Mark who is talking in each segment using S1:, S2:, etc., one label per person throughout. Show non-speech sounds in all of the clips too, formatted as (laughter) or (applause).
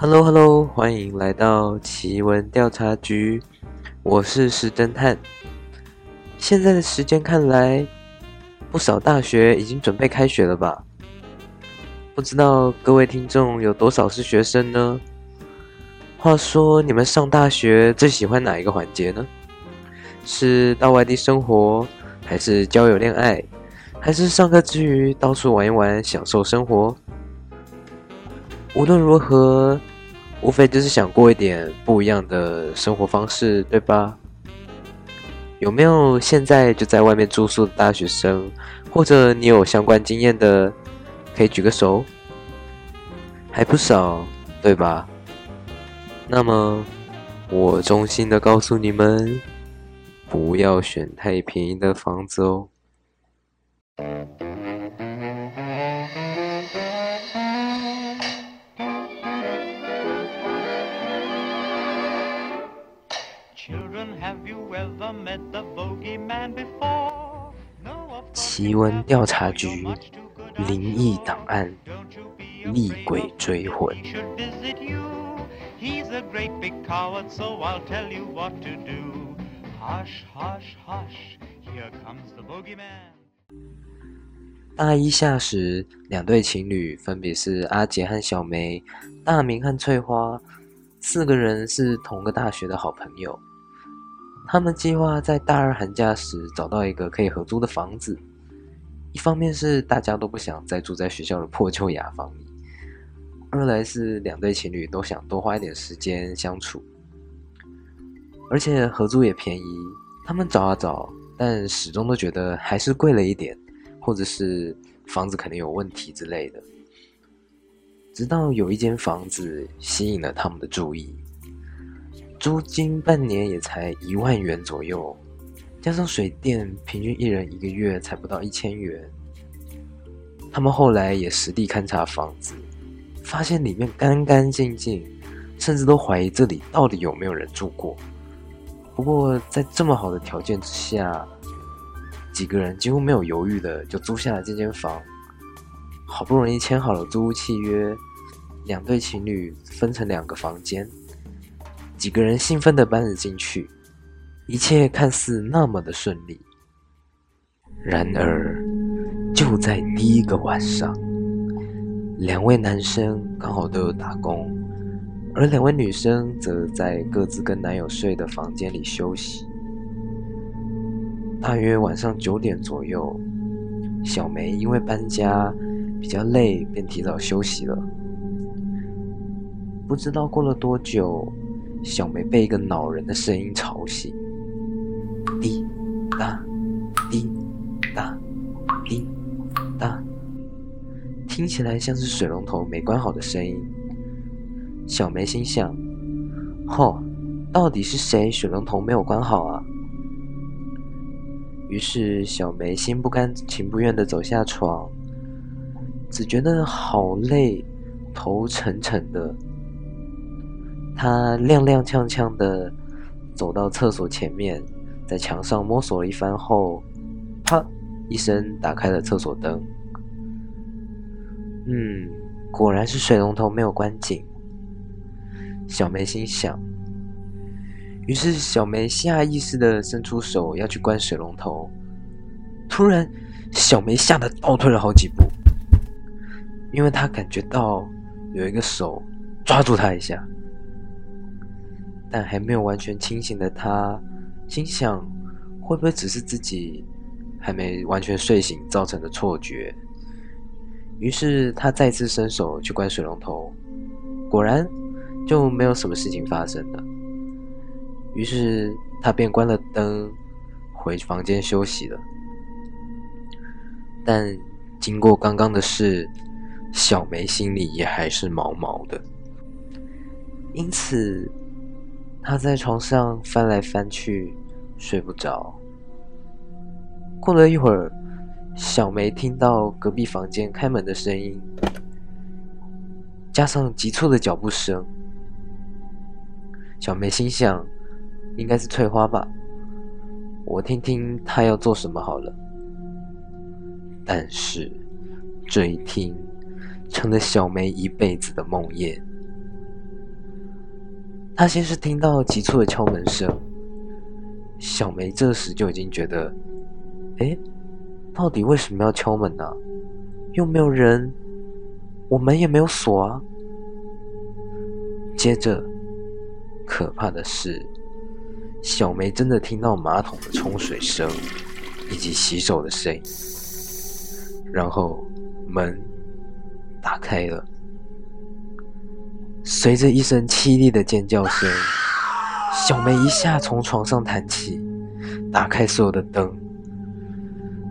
S1: Hello，Hello，hello, 歡迎來到奇聞調查局，我是石偵探。現在的時間看來，不少大學已經準備開學了吧？不知道各位聽眾有多少是學生呢？話說，你們上大學最喜歡哪一個環節呢？是到外地生活，還是交友戀愛，還是上課之餘到處玩一玩，享受生活？無論如何。無非就是想過一點不一樣的生活方式，對吧？有沒有現在就在外面住宿的大學生，或者你有相關經驗的，可以舉個手？還不少，對吧？那麼，我衷心的告訴你們，不要選太便宜的房子哦。奇聞調查局靈異檔案，厲鬼追魂。大一下時，兩對情侶分別是阿杰和小梅、大明和翠花，四個人是同個大學的好朋友。他們計劃在大二寒假時找到一個可以合租的房子。一方面是大家都不想再住在學校的破舊雅房裡，二來是兩對情侶都想多花一點時間相處，而且合租也便宜。他們找啊找，但始終都覺得還是貴了一點，或者是房子肯定有問題之類的。直到有一間房子吸引了他們的注意。租金半年也才一萬元左右，加上水電，平均一人一個月才不到一千元。他們後來也實地勘察房子，發現裡面乾乾淨淨，甚至都懷疑這裡到底有沒有人住過。不過在這麼好的條件之下，幾個人幾乎沒有猶豫的就租下了這間房。好不容易簽好了租屋契約，兩對情侶分成兩個房間。幾個人興奮的搬了進去，一切看似那麼的順利。然而，就在第一個晚上，兩位男生剛好都有打工，而兩位女生則在各自跟男友睡的房間裡休息。大約晚上九點左右，小梅因為搬家比較累，便提早休息了。不知道過了多久，小梅被一個惱人的聲音吵醒，滴答滴答滴答，聽起來像是水龍頭沒關好的聲音。小梅心想：吼，到底是誰水龍頭沒有關好啊？於是，小梅心不甘情不願的走下床，只覺得好累，頭沉沉的。他踉踉蹌蹌的走到廁所前面，在牆上摸索了一番後，啪一聲打開了廁所燈。嗯，果然是水龍頭沒有關緊。小梅心想，於是小梅下意識的伸出手要去關水龍頭，突然，小梅嚇得倒退了好幾步，因為她感覺到有一個手抓住她一下。但還沒有完全清醒的他，心想會不會只是自己還沒完全睡醒造成的錯覺？於是他再次伸手去關水龍頭，果然就沒有什麼事情發生了。於是他便關了燈，回房間休息了。但經過剛剛的事，小梅心裡也還是毛毛的。因此。她在床上翻來翻去，睡不着。過了一會兒，小梅聽到隔壁房間開門的聲音，加上急促的腳步聲，小梅心想，應該是翠花吧，我聽聽她要做什麼好了。但是這一聽，成了小梅一輩子的夢魘。他先是聽到急促的敲門聲，小梅這時就已經覺得，誒，到底為什麼要敲門呢啊？又沒有人，我門也沒有鎖啊。接着，可怕的是，小梅真的聽到馬桶的沖水聲以及洗手的聲音，然後門打開了。隨着一聲淒厲的尖叫聲，小梅一下從床上彈起，打開所有的燈，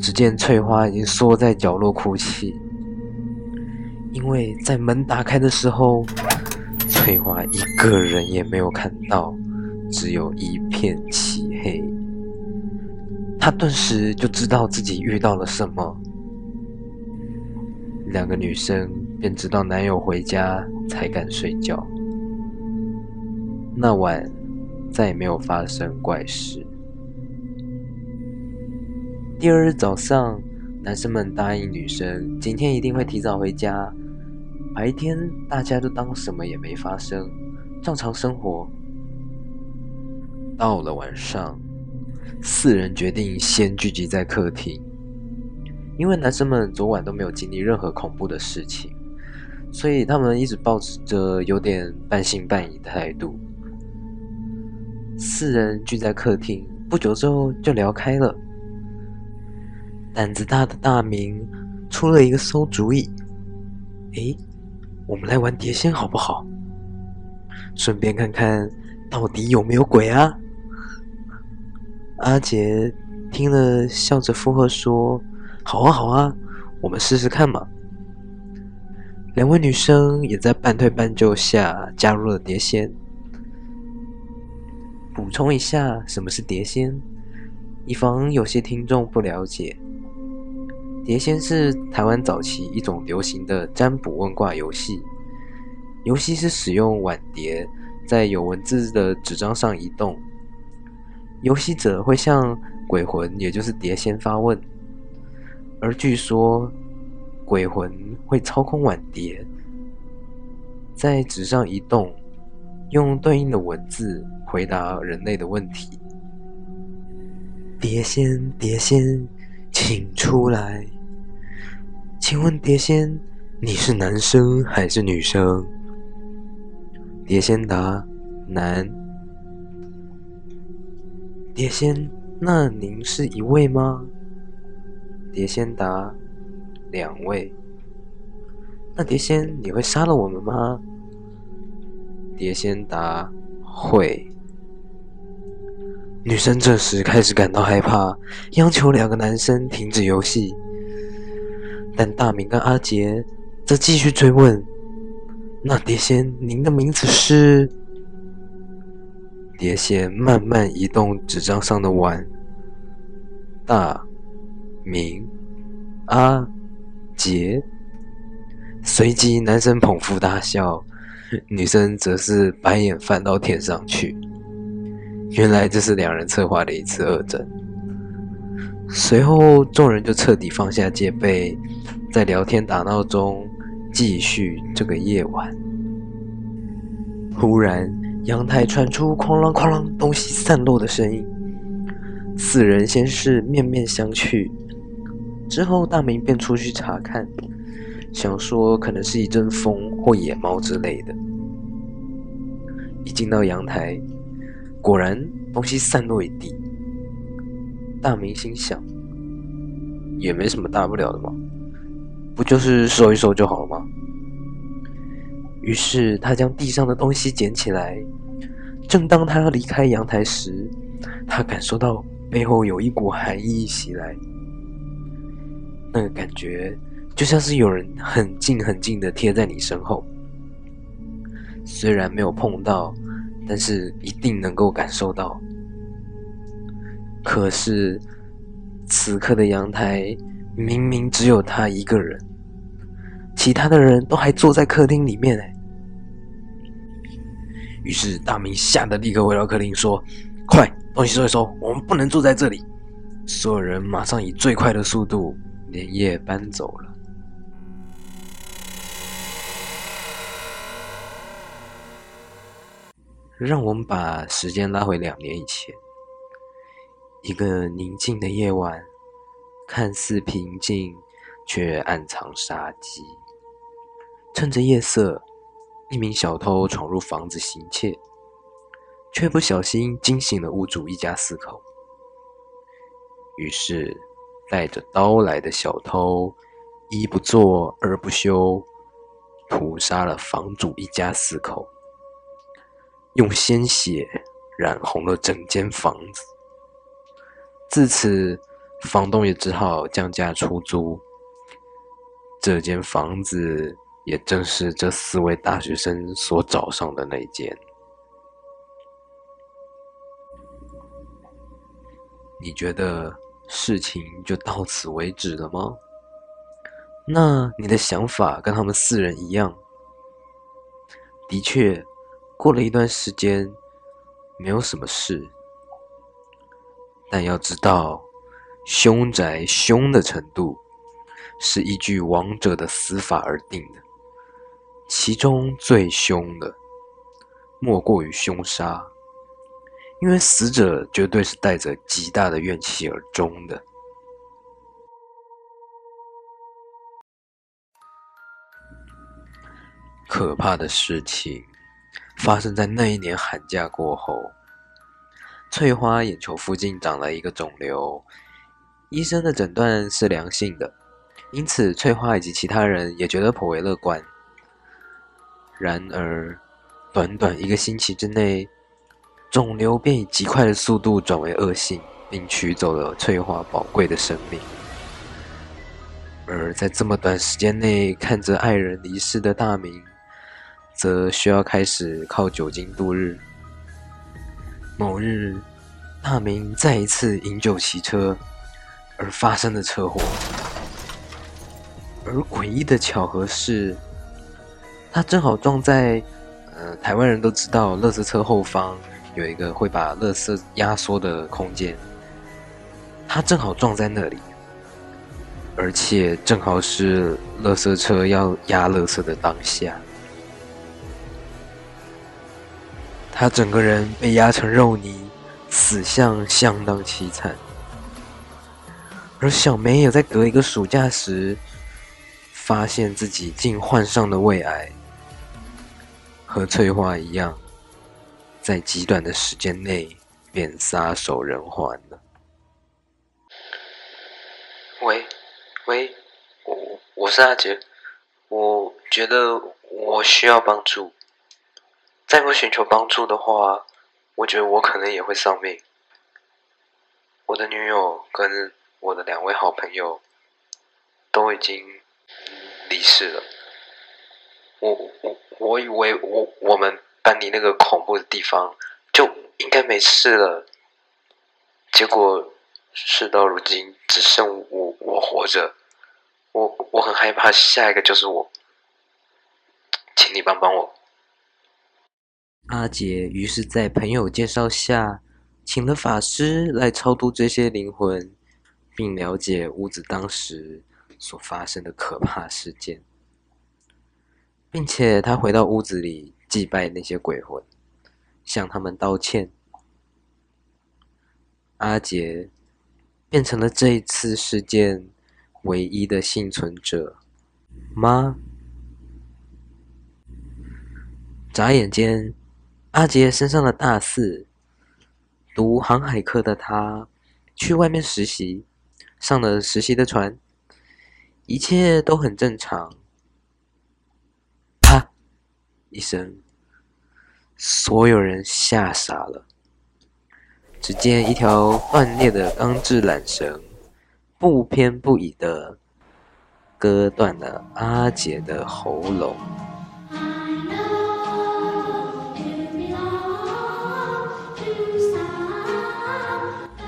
S1: 只見翠花已經縮在角落哭泣。因為在門打開的時候，翠花一個人也沒有看到，只有一片漆黑。她頓時就知道自己遇到了什麼，兩個女生。便知道男友回家才敢睡覺。那晚再也沒有發生怪事。第二日早上，男生們答應女生，今天一定會提早回家。白天大家都當什麼也沒發生，照常生活。到了晚上，四人決定先聚集在客廳，因為男生們昨晚都沒有經歷任何恐怖的事情。所以他們一直抱持著有點半信半疑的態度。四人聚在客廳，不久之後就聊開了。膽子大的大明出了一個餿主意：“誒，我們來玩碟仙好不好？順便看看到底有沒有鬼啊！”阿杰聽了，笑着附和說：“好啊，好啊，我們試試看嘛。”兩位女生也在半推半就下加入了碟仙。補充一下，什麼是碟仙？以防有些聽眾不了解，碟仙是台灣早期一種流行的占卜問卦遊戲。遊戲是使用碗碟在有文字的紙張上移動，遊戲者會向鬼魂，也就是碟仙發問，而據說。鬼魂會操控碗碟，在紙上移動，用對應的文字回答人類的問題。碟仙，碟仙，請出來。請問，碟仙，你是男生還是女生？碟仙答：男。碟仙，那您是一位嗎？碟仙答。兩位，那碟仙，你會殺了我們嗎？碟仙答：會。女生這時開始感到害怕，央求兩個男生停止遊戲。但大明跟阿杰則繼續追問：“那碟仙，您的名字是？”碟仙慢慢移動紙張上的碗。大明，阿、啊。杰隨即，男生，捧腹大笑，女生則是白眼翻到天上去。原來這是兩人策劃的一次惡整。隨後，眾人就徹底放下戒備，在聊天打鬧中繼續這個夜晚。忽然，陽台傳出“哐啷哐啷”東西散落的聲音，四人先是面面相覷。之後，大明便出去查看，想說可能是一陣風或野貓之類的。一進到陽台，果然東西散落一地。大明心想，也沒什麼大不了的嘛，不就是收一收就好了嗎？於是他將地上的東西撿起來。正當他要離開陽台時，他感受到背後有一股寒意襲來。那個感覺就像是有人很近很近的貼在你身後，雖然沒有碰到，但是一定能夠感受到。可是此刻的陽台明明只有他一個人，其他的人都還坐在客廳裡面哎。於是大明嚇得立刻回到客廳，說：“快，東西收一收，我們不能坐在這裡。”所有人馬上以最快的速度。連夜搬走了。讓我們把時間拉回兩年以前，一個寧靜的夜晚，看似平靜，卻暗藏殺機。趁着夜色，一名小偷闖入房子行竊，卻不小心驚醒了屋主一家四口。於是。帶着刀來的小偷，一不做二不休，屠殺了房主一家四口，用鮮血染紅了整間房子。自此，房東也只好降價出租。這間房子也正是這四位大學生所找上的那間。你覺得？事情就到此為止了嗎？那你的想法跟他們四人一樣。的確，過了一段時間，沒有什麼事。但要知道，凶宅凶的程度是依據亡者的死法而定的，其中最凶的莫過於兇殺。因為死者絕對是帶着極大的怨氣而終的。可怕的事情，發生在那一年寒假過後，翠花眼球附近長了一個腫瘤，醫生的診斷是良性的，因此翠花以及其他人也覺得頗為樂觀。然而，短短一個星期之內，腫瘤便以極快的速度轉為惡性，並取走了翠花寶貴的生命。而在這麼短時間內，看着愛人離世的大明，則需要開始靠酒精度日。某日，大明再一次飲酒騎車，而發生了車禍。而詭異的巧合是，他正好撞在……呃，台灣人都知道，垃圾車後方。有一個會把垃圾壓縮的空間，他正好撞在那裡，而且正好是垃圾車要壓垃圾的當下，他整個人被壓成肉泥，死相相當淒慘。而小梅也在隔一個暑假時，發現自己竟患上了胃癌，和翠花一樣，在極短的時間內便撒手人寰了。喂，喂，我我是阿杰，我覺得我需要幫助。再不尋求幫助的話，我覺得我可能也會喪命。我的女友跟我的兩位好朋友都已經離世了。我我我以為我我們。搬離那個恐怖的地方就應該沒事了。結果事到如今，只剩我我活着，我我很害怕，下一個就是我，請你幫幫我。阿杰於是在朋友介紹下，請了法師來超度這些靈魂，並了解屋子當時所發生的可怕事件，並且他回到屋子裡。祭拜那些鬼魂，向他們道歉。阿杰變成了這一次事件唯一的倖存者嗎？眨眼間，阿杰升上了大四，讀航海科的他去外面實習，上了實習的船，一切都很正常。一聲，所有人嚇傻了。只見一條斷裂的鋼制纜繩，不偏不倚的割斷了阿杰的喉嚨。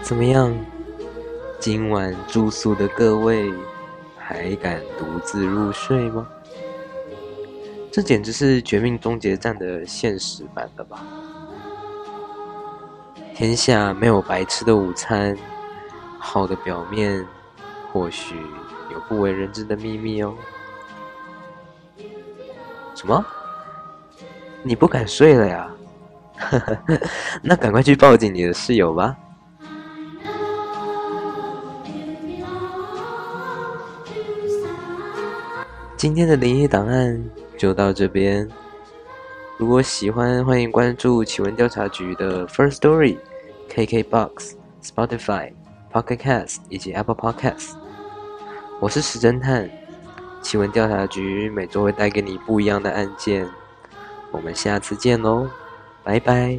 S1: 怎麼樣？今晚住宿的各位，還敢獨自入睡嗎？這簡直是《絕命終結站》的現實版了吧？天下沒有白吃的午餐，好的表面或許有不為人知的秘密哦。什麼？你不敢睡了呀？ (laughs) 那趕快去抱緊你的室友吧。今天的靈異檔案，就到這邊。如果喜歡，歡迎關注《奇聞調查局》的 First Story、KK Box、Spotify、Pocket Cast 以及 Apple Podcast。我是石偵探，奇聞調查局每周會帶給你不一樣的案件。我們下次見嘍，拜拜。